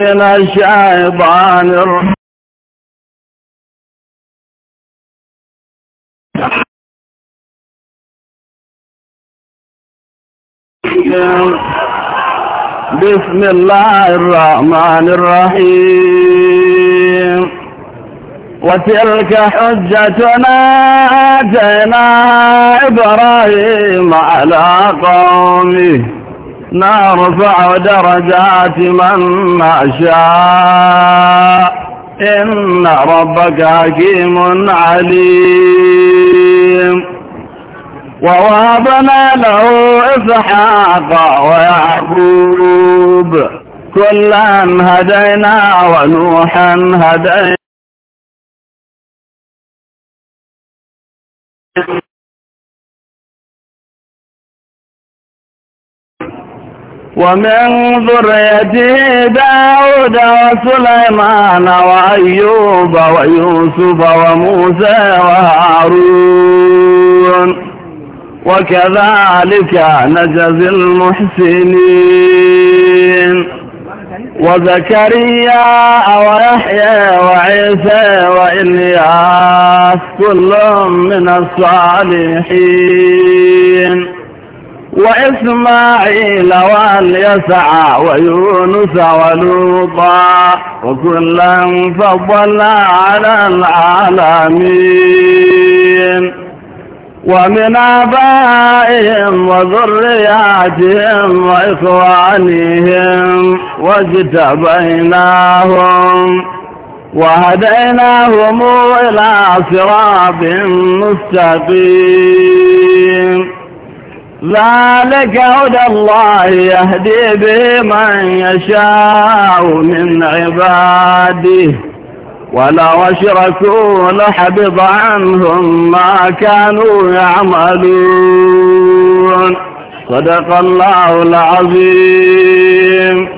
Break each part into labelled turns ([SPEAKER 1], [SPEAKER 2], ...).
[SPEAKER 1] من الشيطان بسم الله الرحمن
[SPEAKER 2] الرحيم وتلك حجتنا آتيناها إبراهيم على قومه نرفع درجات من نشاء إن ربك حكيم عليم ووهبنا له إسحاق ويعقوب كلا هدينا ونوحا هدينا
[SPEAKER 1] ومن ذرية داود
[SPEAKER 2] وسليمان وأيوب ويوسف وموسى وهارون وكذلك نجزي المحسنين وزكريا ويحيى وعيسى وإلياس كل من الصالحين وإسماعيل واليسع ويونس ولوطا وكلا فضلنا على العالمين ومن آبائهم وذرياتهم وإخوانهم واجتبيناهم وهديناهم إلى صراط مستقيم ذلك هدى الله يهدي بمن يشاء من عباده ولو اشركوا لحبط عنهم ما كانوا يعملون صدق الله العظيم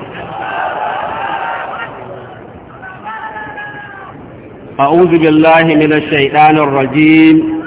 [SPEAKER 3] أعوذ بالله من الشيطان الرجيم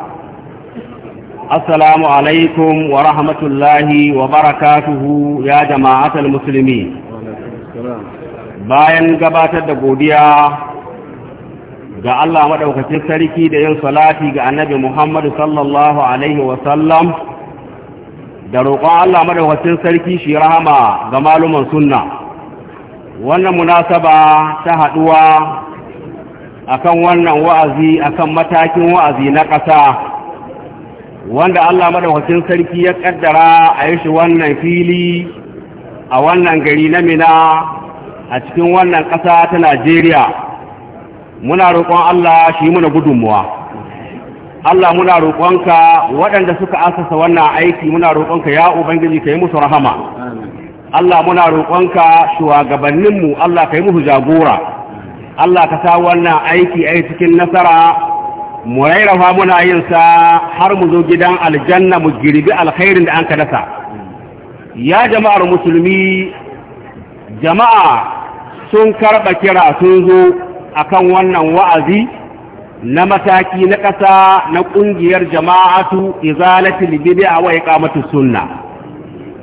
[SPEAKER 3] السلام عليكم ورحمة الله وبركاته يا جماعة المسلمين bayan gabatar da godiya ga Allah maɗaukacin sarki da yin salati ga annabi Muhammadu sallallahu Alaihi sallam, da roƙon Allah maɗaukacin sarki shi rahama ga maluman sunna wannan munasaba ta haɗuwa akan wannan wa'azi akan matakin wa'azi na ƙasa wanda Allah madaukakin sarki ya kaddara a yi shi wannan fili a wannan gari na mina a cikin wannan ƙasa ta Najeriya muna roƙon Allah shi muna gudunmuwa Allah muna roƙonka waɗanda suka asasa wannan aiki muna roƙonka ya ubangiji ka yi musu rahama Allah muna roƙonka shugabanninmu Allah ka yi musu jagora Allah ka sa wannan aiki a cikin nasara mu rairafa muna yin sa har mu zo gidan aljanna mu girbi alkhairin da an ka dasa ya jama'ar musulmi jama'a sun karɓa kira sun zo akan wannan wa'azi na mataki na ƙasa na ƙungiyar jama'atu izalatul a wa iqamatus sunna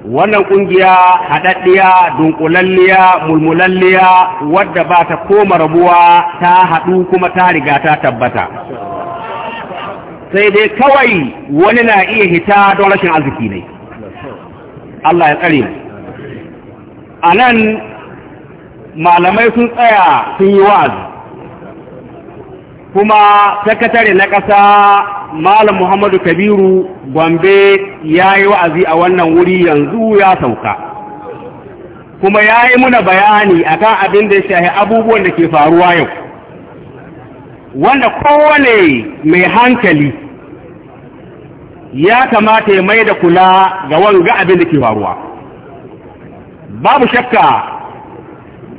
[SPEAKER 3] wannan ƙungiya haɗaɗɗiya dunkulalliya mulmulalliya wadda ba ta koma rabuwa ta haɗu kuma ta riga ta tabbata sai dai kawai wani na iya hita don rashin arziki ne Allah ya tsare mu a nan malamai sun tsaya sun yi wa'azi kuma sakatare na ƙasa malam muhammadu kabiru gombe ya yi wa'azi a wannan wuri yanzu ya sauka kuma ya yi muna bayani akan abin da ya shahi abubuwan da ke faruwa yau wanda kowane mai hankali ya kamata ya mai da kula ga wanga abin da ke faruwa babu shakka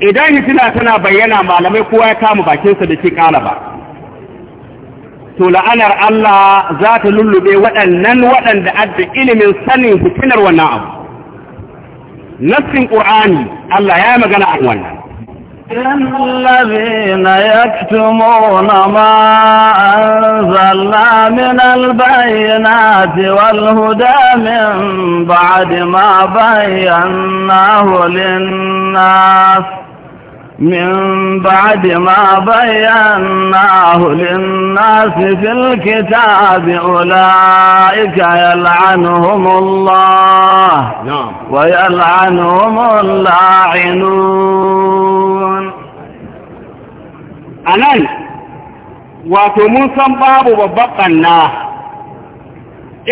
[SPEAKER 3] idan hitina tana bayyana malamai kowa ya kama bakinsa da ke kala ba to la'anar Allah za ta lullube waɗannan waɗanda adda ilimin sanin hukunar wannan abu nassin ƙur'ani Allah ya yi magana a wannan الذين يكتمون ما
[SPEAKER 2] أنزلنا من البينات والهدى من بعد ما بيناه للناس من بعد ما بيناه للناس في الكتاب أولئك يلعنهم الله نعم. ويلعنهم اللاعنون
[SPEAKER 3] a nan wato mun san babu babban ɓanna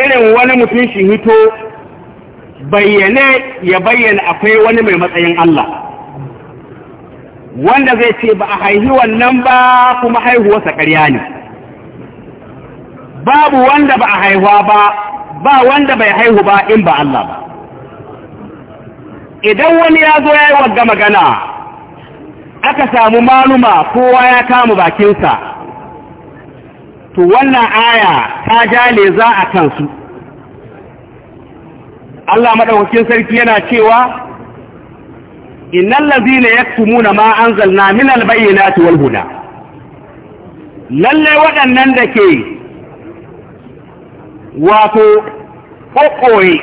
[SPEAKER 3] irin wani mutum shi hito bayyane ya bayyana akwai wani mai matsayin Allah wanda zai ce ba a haihi wannan ba kuma haihuwarsa ƙarya ne babu wanda ba a haihuwa ba ba wanda bai haihu ba in ba Allah ba idan wani ya zo ya yi magana aka samu maluma kowa ya kama bakinsa to wannan aya ta jale za a kansu Allah maɗaukakin sarki yana cewa innal ladina yaktumuna ma anzalna min albayyinati wal huda lalle waɗannan da ke wato kokoi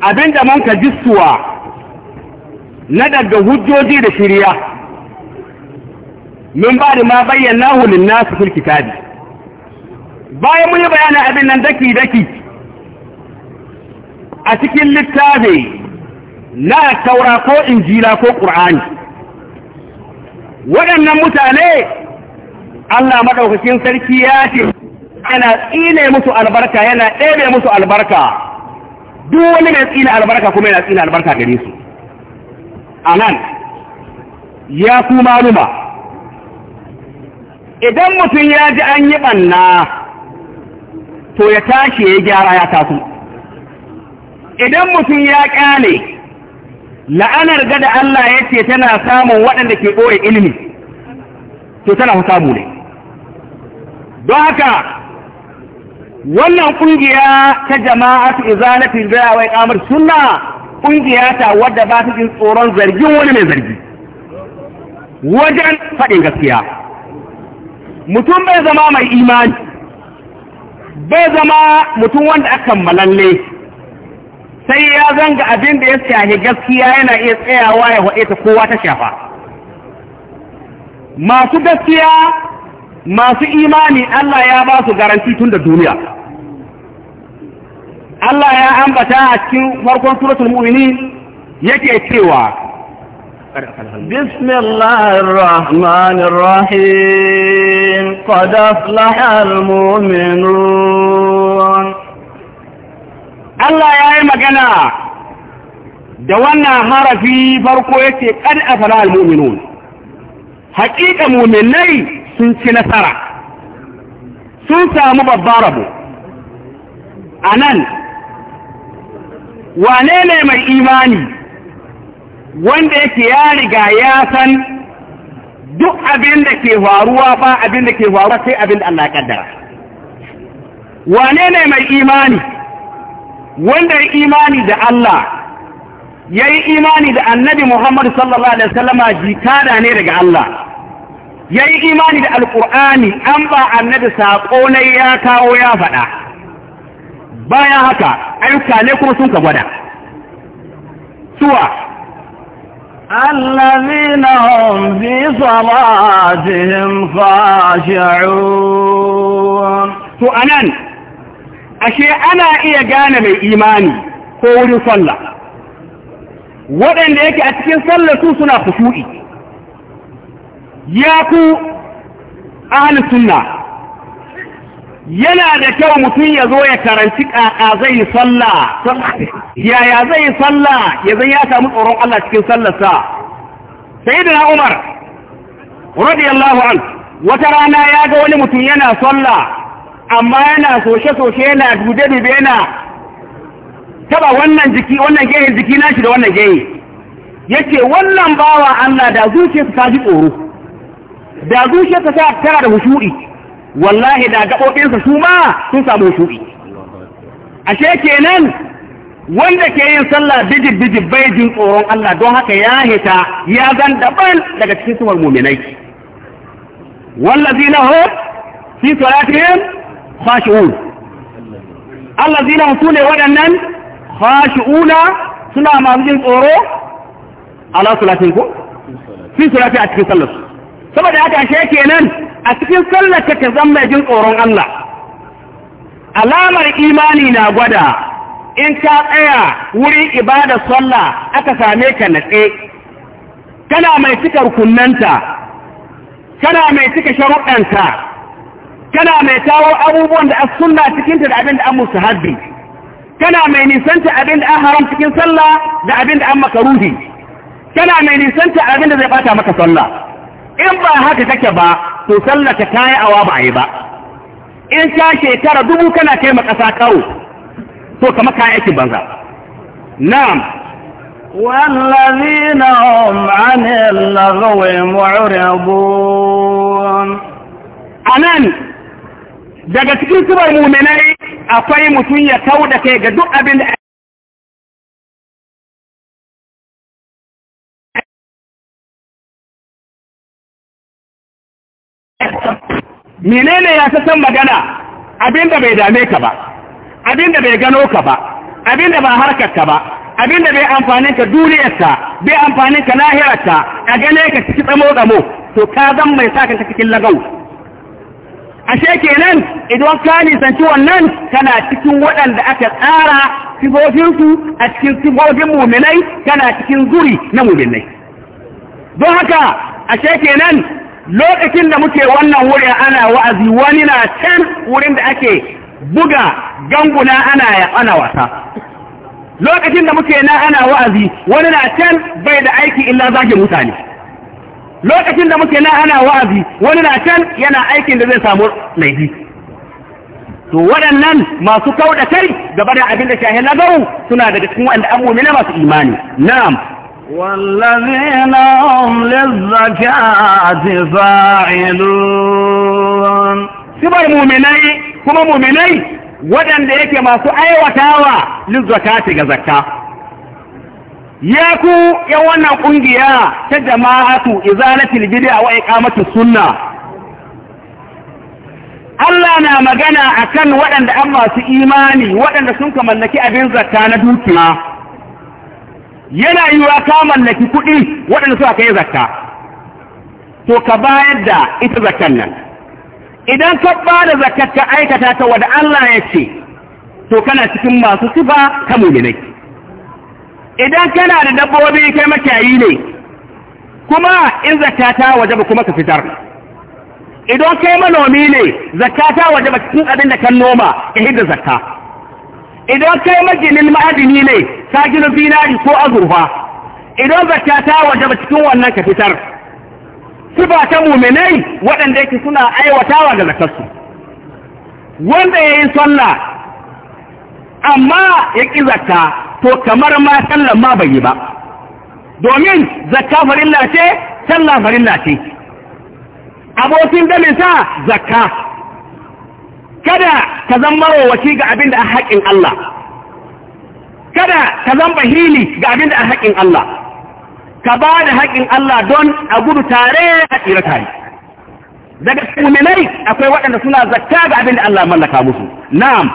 [SPEAKER 3] abinda mun ka jissuwa na daga hujjoji da shirya min ba da ma bayyana hulun nasu fil kitabi bayan mun yi bayanin abin nan daki-daki a cikin littafi na taura ko injila ko ƙur'ani waɗannan mutane Allah maɗaukakin sarki ya ce yana tsine musu albarka yana ɗebe musu albarka duk wani mai tsine albarka kuma yana tsine albarka gare su a nan ya ku maluma idan mutum ya ji an yi ɓanna to ya tashi ya gyara ya tasu idan mutum ya ƙyale la'anar gada Allah ya ce tana samun waɗanda ke ɓoye ilimi to tana fi samu ne don haka wannan ƙungiya ta jama'atu izalatin zai wai ƙamar suna kungiya ta wadda ba ta jin tsoron zargin wani mai zargi wajen faɗin gaskiya mutum bai zama mai imani bai zama mutum wanda aka malalle sai ya zanga abin da ya shahi gaskiya yana iya tsayawa ya haɗe ta kowa ta shafa masu gaskiya masu imani Allah ya ba su garanti tun da duniya Allah ya ambata a cikin farkon suratul mu'mini yake cewa Bismillahir Rahmanir Rahim
[SPEAKER 2] Qad aflahal mu'minun
[SPEAKER 3] Allah ya yi magana da wannan harfi farko yake qad aflahal mu'minun haƙiƙa mu'minai sun ci nasara sun samu babbar rabu anan wane ne mai imani wanda yake ya riga ya san duk abin da ke faruwa ba abin da ke faruwa sai abin da Allah ya kaddara wane ne mai imani wanda ya imani da Allah ya yi imani da annabi Muhammad sallallahu alaihi wasallama jikada ne daga Allah ya yi imani da alkur'ani an ba annabi saƙo ya kawo ya faɗa bayan haka ayyuka ne kuma sun ka gwada suwa
[SPEAKER 2] allazina hum fi salatihim
[SPEAKER 3] خاشعون to anan ashe ana iya gane mai imani ko wurin sallah waɗanda yake a cikin sallah su suna khushu'i ya ku ahlus sunna yana da kyau mutum ya zo ya karanci ƙaƙa zai yi sallah yaya zai yi sallah ya zai ya samu tsoron Allah cikin sallarsa sai da umar radiyallahu an wata rana ya ga wani mutum yana sallah amma yana soshe-soshe yana dube-dube yana taba wannan jiki wannan gehin jiki nashi da wannan Ya ce wannan bawa Allah da su ta ji tsoro da zuciyarsa ta tara da hushuri wallahi da gaɓoɓinsa su ma sun samu shuɗi ashe kenan wanda ke yin sallah bijib bai jin tsoron Allah don haka ya hita ya zan daban daga cikin suwar muminai wallazi lahu fi salatihim khashu'un allazi su ne waɗannan khashu'una suna masu jin tsoro ala salatin ko fi salati a cikin sallar saboda haka ashe nan. a cikin sallar ka zama jin tsoron Allah alamar imani na gwada in ka tsaya wurin ibada sallah aka same ka natse kana mai cika rukunanta kana mai cika sharuɗanta kana mai tawar abubuwan da as sunna cikinta da abin da an musu haddi kana mai nisanta abin da an haram cikin sallah da abin da an makaruhi kana mai nisanta abin da zai bata maka sallah in ba haka kake ba to sallaka kayi awa ba yi ba in ta shekara dubu kana kai ma kasa kawo to kama kayan aikin banza na'am wallazina
[SPEAKER 2] hum anil اللغو mu'ridun
[SPEAKER 1] anan daga cikin subar muminai akwai mutum ya kau da kai ga duk abin da menene ya ta san magana abinda bai dame ka ba abinda
[SPEAKER 3] bai gano ka ba abinda ba harkar ka ba abinda bai amfanin ka duniyarka bai amfanin ka lahirarka a gane ka ciki tsamo tsamo to ka zan mai sa ta cikin lagau ashe kenan idan ka nisanci wannan kana cikin waɗanda aka tsara sifofinsu a cikin sifofin muminai kana cikin zuri na muminai don haka ashe kenan lokacin da muke wannan wurin ana wa'azi wani na can wurin da ake buga ganguna ana ana wasa lokacin da muke na ana wa'azi wani na can bai da aiki illa zage mutane lokacin da muke na ana wa'azi wani na can yana aikin da zai samu laifi to waɗannan masu kauda kai gaba da abin da shahin lagawu suna daga cikin wanda an na masu imani na'am والذين هم للزكاة فاعلون سبر مؤمني كما مؤمني ودن ديك ما سو أي وتاوى للزكاة كزكاة ياكو يوانا قنجيا تجماعة إزالة البدع وإقامة السنة Allah na magana akan waɗanda an masu imani waɗanda sun kamar kamallaki abin zakka na dukiya yana wa ka mallaki kuɗi waɗanda suka kai zakka to ka bayar da ita zakkan nan idan ka ba da zakkar ka aikata ta wada Allah ya ce to kana cikin masu sifa ta muminai idan kana da dabbobi kai makiyayi ne kuma in zakka ta ba kuma ka fitar idan kai manomi ne zakka ta ba cikin abin da kan noma ka hidda zakka idan kai majinin ma'adini ne ka gina zinari ko azurfa idan zakka ta waje ba cikin wannan ka fitar sifa ta muminai waɗanda yake suna aiwatawa da zakarsu wanda ya yi sallah amma ya ƙi zakka to kamar ma sallah ma bai yi ba domin zakka farilla ce sallah farilla ce abokin sa zakka kada ka zama mawawaci ga abin da a haƙin Allah kada ka zamba hili ga abin da a haƙin Allah ka ba da haƙin Allah don a gudu tare a tsira tare daga muminai akwai waɗanda suna zakka ga abin da Allah mallaka musu na'am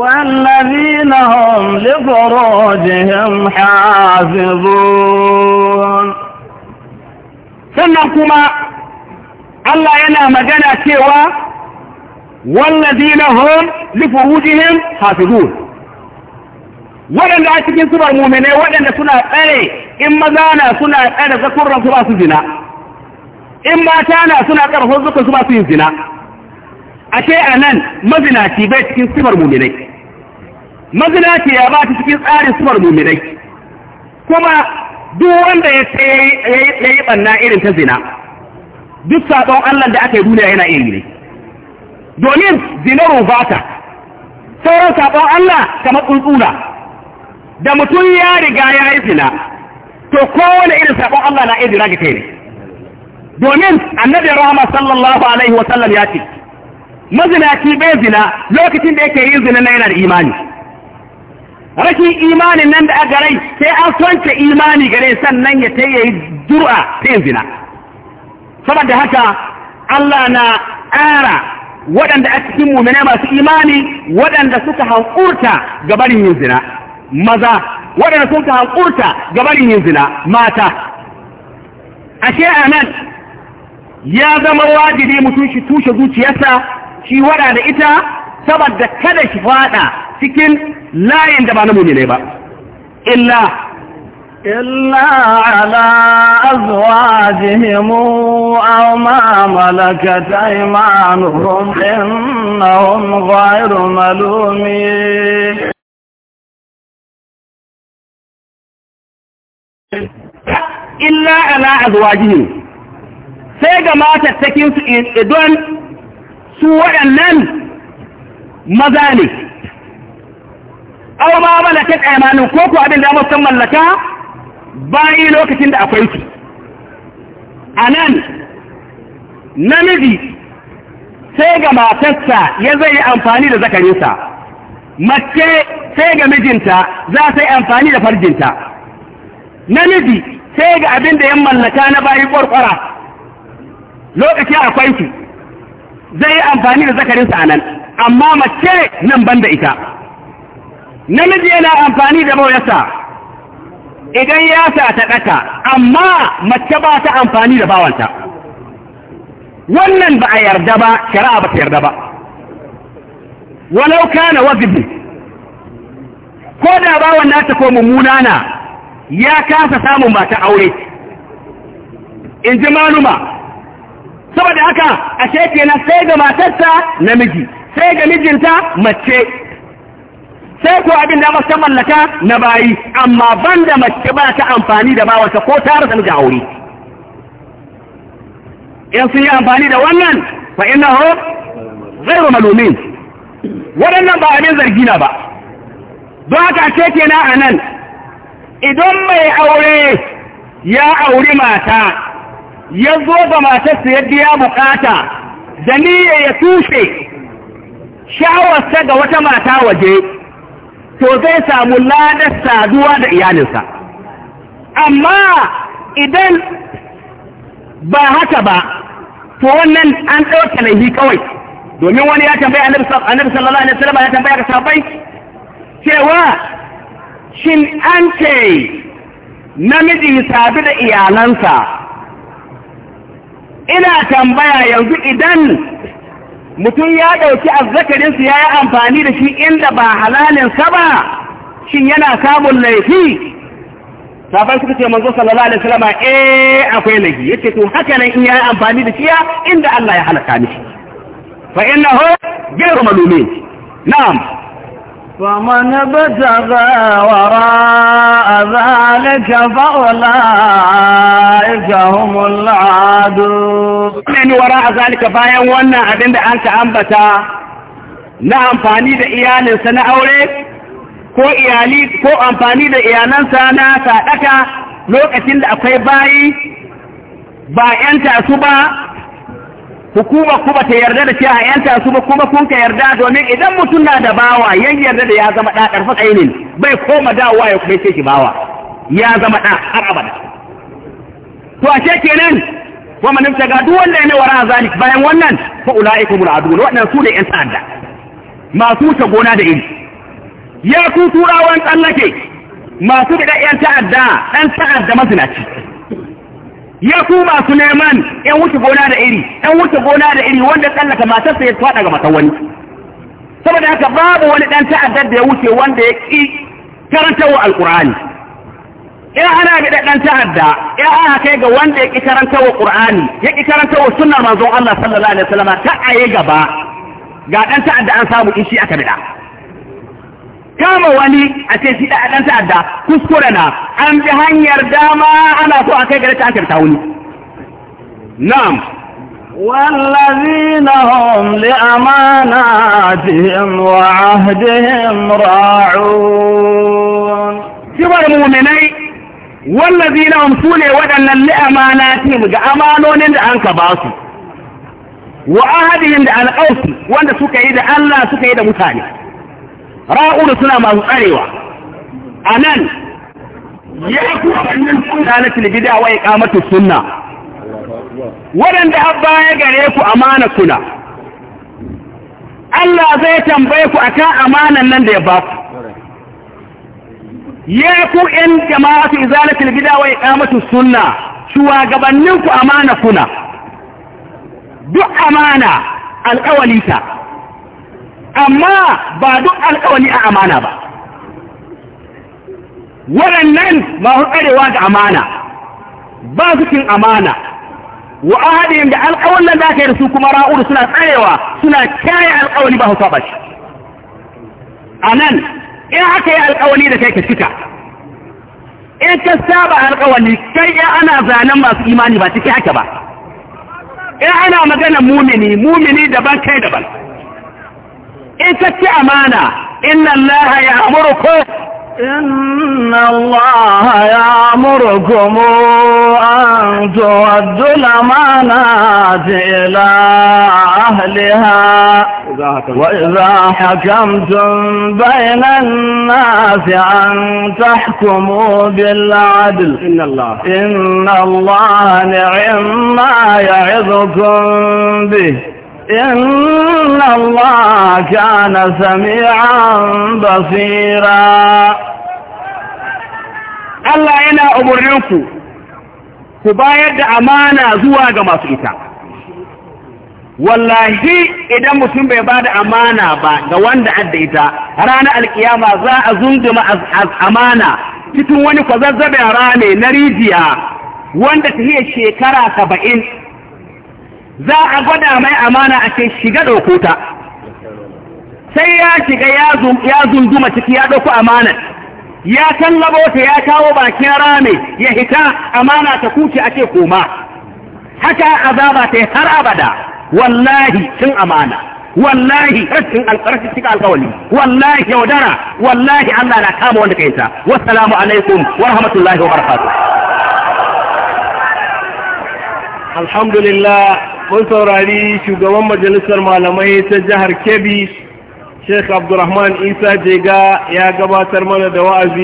[SPEAKER 3] والذين هم لفروجهم حافظون sannan kuma Allah yana magana cewa wallazina hum li waɗanda a cikin su ba muminai waɗanda suna tsare in maza na suna tsare zakurran su ba su zina in mata na suna ƙarfin zukun su ba su yin zina ashe a nan mazinaci bai cikin sumar muminai mazinaci ya ba ta cikin tsarin sumar muminai kuma duk wanda ya yi ɓanna irin ta zina duk saɓon allah da aka yi duniya yana iri ne domin ba ta sauran saɓon allah kamar tsuntsuna da mutum ya riga ya yi zina to kowane irin sabon Allah na izina ga kai ne domin annabi rahama sallallahu alaihi wa sallam ya ce mazinaci bai zina lokacin da yake yin zina na yana da imani rashin imanin nan da aka rai sai an sonce imani gare sannan ya ta yi jura ta yin zina saboda haka Allah na ƙara waɗanda a cikin mummune masu imani waɗanda suka hankurta ga barin yin zina maza waɗanda sun ka hankurta gabanin yin zina mata ashe a nan ya zama wajibi mutum shi tushe zuciyarsa shi wada da ita saboda kada shi fada cikin layin da ba na ne ba illa
[SPEAKER 2] illa ala azwajihim aw ma malakat aymanuhum
[SPEAKER 1] innahum ghayru malumin illa ala azwajihim sai ga matattakin su
[SPEAKER 3] idan su waɗannan maza ne aw ma malaka aymanu ko ko abin da mutum mallaka bayi lokacin da akwai su anan namiji sai ga matarsa ya zai yi amfani da zakarinsa mace sai ga mijinta za ta yi amfani da farjinta namiji sai ga abin da yan mallaka na bayi kwarkwara lokaci akwai shi zai yi amfani da zakarinsa a nan amma mace nan banda ita namiji yana amfani da bauyarsa idan ya sa ta ɗaka amma mace ba ta amfani da bawanta wannan ba a yarda ba shari'a ba ta yarda ba walau kana wajibi ko da bawan nata ko mummuna na ya kasa samun mata aure in ji maluma saboda haka a shekena sai ga matarsa namiji sai ga mijinta mace sai ko abin da masu mallaka na bayi amma banda mace ba ta amfani da bawarsa ko ta rasa mijin aure in sun yi amfani da wannan fa ina ho zai malumin waɗannan ba abin zargi na ba don haka ce kenan a nan idan mai aure ya auri mata ya zo ga matarsa yadda ya bukata da niyya ya tushe sha'awarsa ga wata mata waje to zai samu ladar saduwa da iyalinsa amma idan ba haka ba to wannan an ɗauka laifi kawai domin wani ya tambaya annabi sallallahu alaihi wasallam ya tambaya ga sahabbai cewa shin an ce namiji sabi da iyalansa ina tambaya yanzu idan mutum ya ɗauki azzakarinsu ya yi amfani da shi inda ba halalinsa ba shin yana samun laifi safai suka ce manzo sallallahu alaihi wasallam eh akwai laifi yace to haka nan in yayi amfani da shiya inda Allah ya halaka mishi fa innahu ghayru malumin na'am
[SPEAKER 2] فمن ابتغى وراء ذلك
[SPEAKER 3] فأولئك هم العادون من وراء ذلك bayan wannan abin da an ka ambata na amfani da iyalinsa na aure ko iyali amfani da iyalansa na sadaka lokacin da akwai bayi ba 'yanta su ba hukuma kuma ta yarda da cewa yanta su ba kuma kun ka yarda domin idan mutum na da bawa yan yarda da ya zama da karfa kainin bai koma dawowa ya kuma ce shi bawa ya zama da har abada to a ce kenan wa man ga duk wanda ne wara zalik bayan wannan fa ulaikumul adun waɗannan su ne ƴan ta'adda masu ta gona da iri ya ku turawan tsallake masu da ƴan ta'adda ɗan ta'adda mazinaci ya ku masu neman yan wuce gona da iri yan wuce gona da iri wanda tsallaka matarsa ya tsada ga matan wani saboda haka babu wani dan ta'addar da ya wuce wanda ya ki karantawa Alƙur'ani. in ana bi dan ta'adda ya ana kai ga wanda ya ki karantawa ƙur'ani, ya ki karantawa sunnar manzon Allah sallallahu alaihi wasallam ta aye gaba ga dan ta'adda an samu in shi aka bida kama wani a ce shi da ɗan ta'adda kuskure na an bi hanyar dama ana so a kai gare ta an karta wani na'am
[SPEAKER 2] والذين هم لأماناتهم وعهدهم
[SPEAKER 3] راعون سوى المؤمنين والذين هم سولي ودن لأماناتهم da أنك باسو وعهدهم لأن أوسي وأن سكيد الله سكيد متاني ra'udu suna masu tsarewa a nan ya ku wannan suna na tilbida wa iqamatu sunna waɗanda abba ya gare ku amana kuna Allah zai tambaye ku akan amanan nan da ya ba ku ya ku in jama'atu izalatul bid'a wa iqamatu sunna shugabannin ku amana kuna duk amana alƙawalita amma ba duk alkawari a amana ba waɗannan masu tsarewa da amana ba su cin amana wa ahadin da alƙawarin da aka yi da su kuma ra'uru suna tsarewa suna kyaye alƙawari ba su saba shi a nan in aka yi alƙawari da kai ka cika in ka saba alƙawari kai ya ana zanen masu imani ba ciki haka ba in ana magana mumini mumini daban kai daban اتت امانة ان الله يأمركم ان الله يأمركم
[SPEAKER 2] ان تودوا الامانات الى اهلها واذا حكمتم بين الناس ان تحكموا بالعدل ان الله ان الله نعم ما يعظكم به إن الله كان سميعا
[SPEAKER 3] بصيرا Allah yana umarninku ku bayar da amana zuwa ga masu ita. Wallahi idan mutum bai ba da amana ba ga wanda adda ita, ranar alkiyama za a zunguma amana cikin wani kwazazzaben rane na rijiya wanda ta iya shekara saba'in za a gwada mai amana a ce shiga ɗauko ta sai ya shiga ya zunduma ciki ya ɗauko amanar ya tallabo ta ya kawo bakin rame ya hita amana ta kuce a ce koma haka azaba ta har abada wallahi cin amana wallahi rashin alƙarfi cika alƙawali wallahi yaudara wallahi Allah na kama wanda kai ta wassalamu alaikum wa rahmatullahi wa barakatuh alhamdulillah mun saurari shugaban
[SPEAKER 1] majalisar malamai ta jihar kebbi sheikh abdulrahman isa jega ya gabatar mana da wa'azi